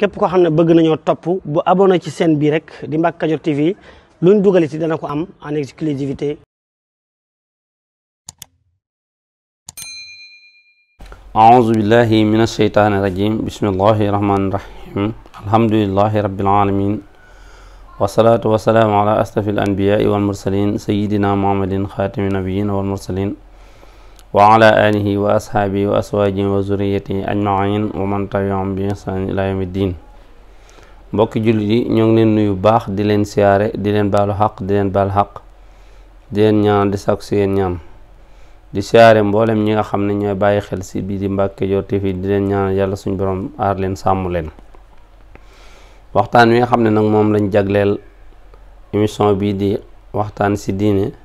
képp koo xam ne bëgg nañoo topp bu abonné ci chaîne bii rek di Mbacke Kadior TV luñ dugal ci dana ko am en exclusivité aouzu billahi min asheytaani rajim bismillahi rahmaani ala ashrafil anbiyaai wal mursalin sayidina muhammadin xaatimi nabiyin wal mursalin wa ala alihi wa ashaabihi wa aswaajihi wa zurriyatihi ajmain wa man tabiahum bi ihsaan ila yawmi diin mbokki jullit yi ñoo ngi leen nuyu baax di leen siyaare di leen baalu xaq di leen baal xaq di leen ñaan di sàkku si yéen ñaan di siyaare mboolem ñi nga xam ne ñooy bàyyi xel si bii di Mbacke Kadior TV di leen ñaan yàlla suñ boroom aar leen sàmm leen waxtaan wi nga xam ne nag moom lañ jagleel émission bii di waxtaan si diine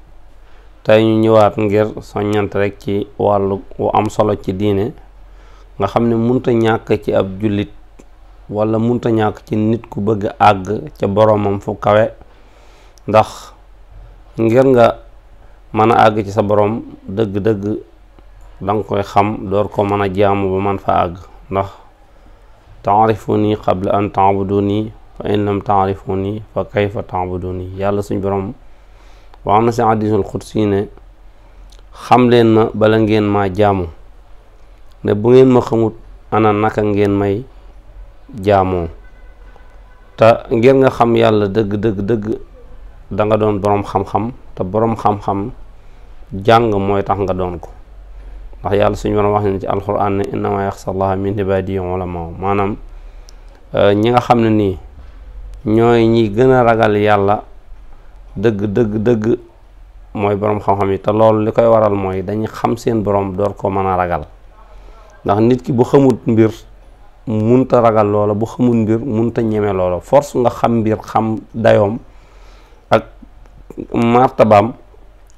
tey ñu ñëwaat ngir soññant rekk ci wàllu wu am solo ci diine nga xam ni munta ñàkk ci ab jullit walla munta ñàkk ci nit ku bëgg àgg ca boroomam fu kawe ndax ngir nga mën a àgg ci sa boroom dëgg-dëgg danga koy xam door ko mën a jaamu ba man fa àgg ndax nii taarifuni qabla an taabuduni fa in lam taarifuni fa kayfa taabuduni yàlla suñ boroom wax na si hadiisul xudsi ne xam leen na bala ngeen maa jaamu ne bu ngeen ma xamut ana naka ngeen may jaamoo te ngeen nga xam yàlla dëgg dëgg dëgg da doon boroom xam-xam te boroom xam-xam jàng mooy tax nga doon ko ndax yàlla suñu war a wax ne ci alxuraan ne innama yaxsa llaha min ibaadihi ulamaa maanaam eh, ñi nga xam ne nii ñooy ñi gën a ragal yàlla dëgg dëgg dëgg mooy boroom xam-xam yi te loolu li koy waral mooy dañuy xam seen boroom door koo mën a ragal ndax nit ki bu xamut mbir munta ragal loola bu xamut mbir munta ñeme loola force nga xam mbir xam dayoom ak martabaam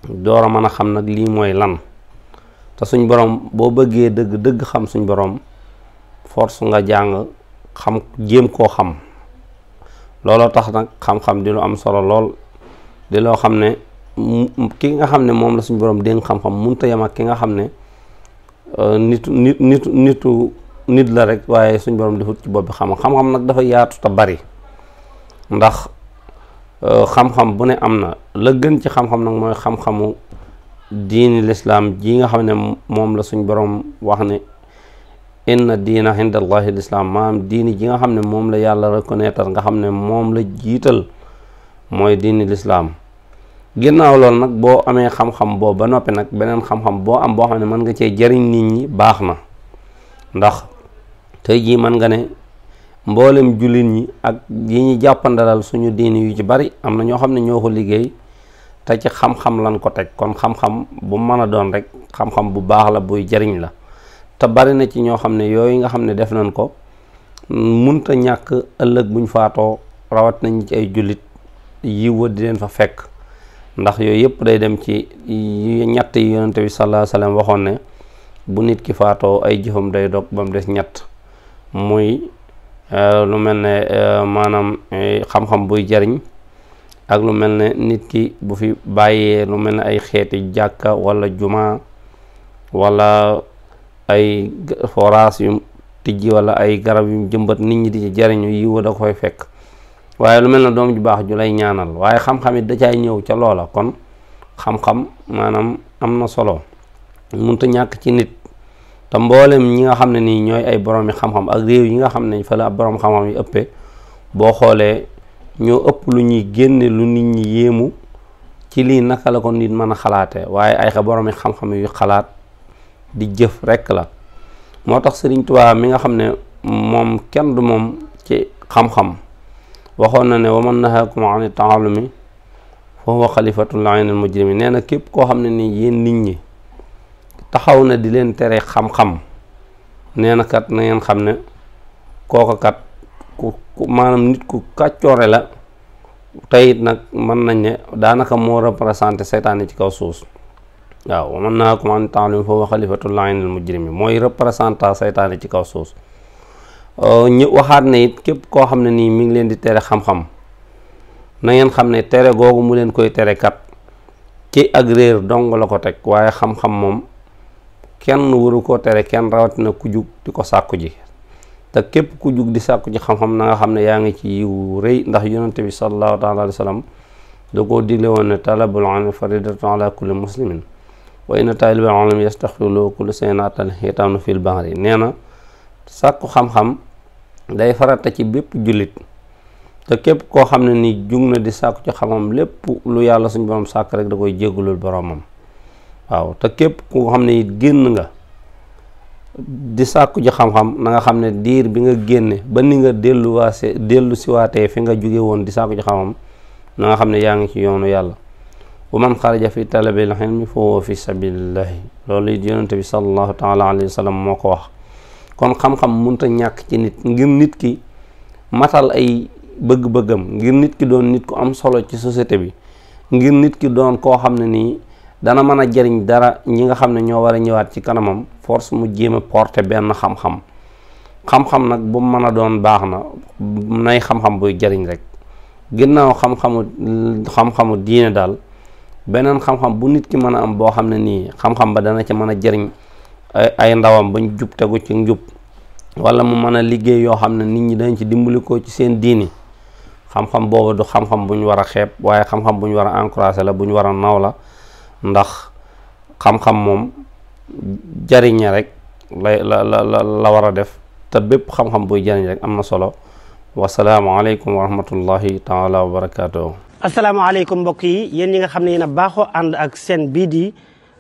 door a mën a xam nag lii mooy lan te suñ boroom boo bëggee dëgg dëgg xam suñ boroom force nga jàng xam gém koo xam looloo tax nag xam-xam di lu am solo lool di loo xam ne ki nga xam ne moom la suñu borom dénk xam-xam munta ak ki nga xam ne nitu euh, nit nitu nitu nit la rek waaye suñu borom defut ci bopp bi xam xam nag dafa yaatu te bari ndax euh, xam bu ne am na la gën ci xam-xam mooy xam-xamu diini lislaam nga xam ne moom la suñ borom wax ne inna diina inda allahi lislaam maanaam diini ji nga xam ne moom la yàlla reconnaître nga xam ne moom la jiital mooy diini lislaam gennaaw lool nag boo amee xam-xam boobu ba noppi nag beneen xam-xam boo am boo xam ne mën nga cee jariñ nit ñi baax na ndax tey jii mën nga ne mboolem jullit ñi ak yi ñu jàppandalal suñu diini yu ci bari am na ñoo xam ne ñoo ko liggéey te ci xam-xam lan ko teg kon xam-xam bu mën a doon rek xam-xam bu baax la buy jariñ la te bari na ci ñoo xam ne yooyu nga xam ne def nañ ko munta ñàkk ëllëg buñ faatoo rawat nañ ci ay jullit yiw wa di leen fa fekk ndax yooyu yëpp day dem ci ñett yi yonente bi sallallahu alayhi wasallam waxoon ne bu nit ki faatoo ay jëfam day dog ba mu des ñett muy euh, lu mel ne euh, maanaam eh, xam-xam buy jariñ ak lu mel ne nit ki bu fi bàyyee lu mel ne ay xeeti jàkka wala jumaa wala ay forage yu tijji wala ay garab yu jëmbat nit ñi di ci jariñu yiwa da ko fay fekk waaye lu mel na doom ju baax ju lay ñaanal waaye xam-xam it da caay ñëw ca loola kon xam-xam maanaam am na solo munta ñàkk ci nit te mboolem ñi nga xam ne nii ñooy ay boromi xam-xam ak réew yi nga xam ne fa la boroom xam-xam boo xoolee ñoo ëpp lu ñuy génne lu nit ñi yéemu ci lii naka la ko mën a xalaatee waaye ay boroomi xam-xam yu xalaat di jëf rekk la moo tax Sëriñ Tuubaa mi nga xam ne moom kenn du moom ci xam-xam waxoon na ne wa man nahaakum ani taalumi fa huwa xalifatul aynil mujrimin nee na képp koo xam ne nii yéen nit ñi taxaw na di leen tere xam-xam nee na kat na ngeen xam ne kooka ku maanaam nit ku kàccoore la teyit nag mën nañ ne daanaka moo représenté seytaan yi ci kaw suus waaw wa man nahaakum ani taalumi fa huwa xalifatul aynil mujrimin mooy représentant seytaan ci kaw suus Euh, ñu waxaat na it képp koo xam ne nii mi ngi leen di tere xam-xam na ngeen xam ne tere googu mu leen koy tere kat ci ak réer la ko teg waaye xam moom kenn waru koo tere kenn rawatina ku jug di ko sàkku ji te képp ku jug di sàkku ji xam-xam na xam ne yaa ngi ci yiw rëy ndax yonente bi sallallahu taala alayhi wa sallam da koo digle woon ne talabul ilmi faridatun ala kulli muslimin wa inna talibal ilmi yastaxfiru lahu kullu saynaatan yataanu fil bahri nee na sàkku xam-xam day farata ci bépp jullit te képp koo xam ne ni jug na di sàkku ci xamam lépp yàlla suñ borom sàkk rek da koy jégalul boromam waaw képp koo xam ne it génn nga di sàkku ji xam-xam na nga xam ne diir bi nga génne ba ni nga delluwaase dellu siwaatee fi nga jóge woon di sàkku ji xam-xam na nga xam ne yaa ngi ci yoonu yàlla wa man xaraja fi talabil ilmi fa huwa fi sabilillahi loolu it yonente bi sallallahu taala alayhi wa moo ko wax kon xam-xam munta ñàkk ci nit ngir nit ki matal ay bëgg-bëggam ngir nit ki doon nit ku am solo ci société bi ngir nit ki doon koo xam ne nii dana mën a jariñ dara ñi nga xam ne ñoo war a ñëwaat ci kanamam force mu jéem a porter benn xam-xam xam nag bu mën a doon baax na nay xam-xam jariñ rek ginnaaw xam-xamu xam diine daal beneen xam-xam bu nit ki mën a am boo xam ne nii xam-xam ba dana ci mën a jariñ ay ndawam bañ jub tegu ci njub wala mu mën a liggéey yoo xam ne nit ñi dañ ci dimbali koo ci seen diini xam-xam boobu du xam-xam bu ñu war a xeeb waaye xam-xam bu ñu war a encouragé la bu ñu war a naw la ndax xam moom jariñe rek la la war a def te bépp xam-xam buy rek am na solo wasalaamaaleykum wa rahmatullahi taala wa barakaatu. asalaamaaleykum mbokk yi yéen ñi nga xam ne yéen baaxoo ànd ak seen bii di.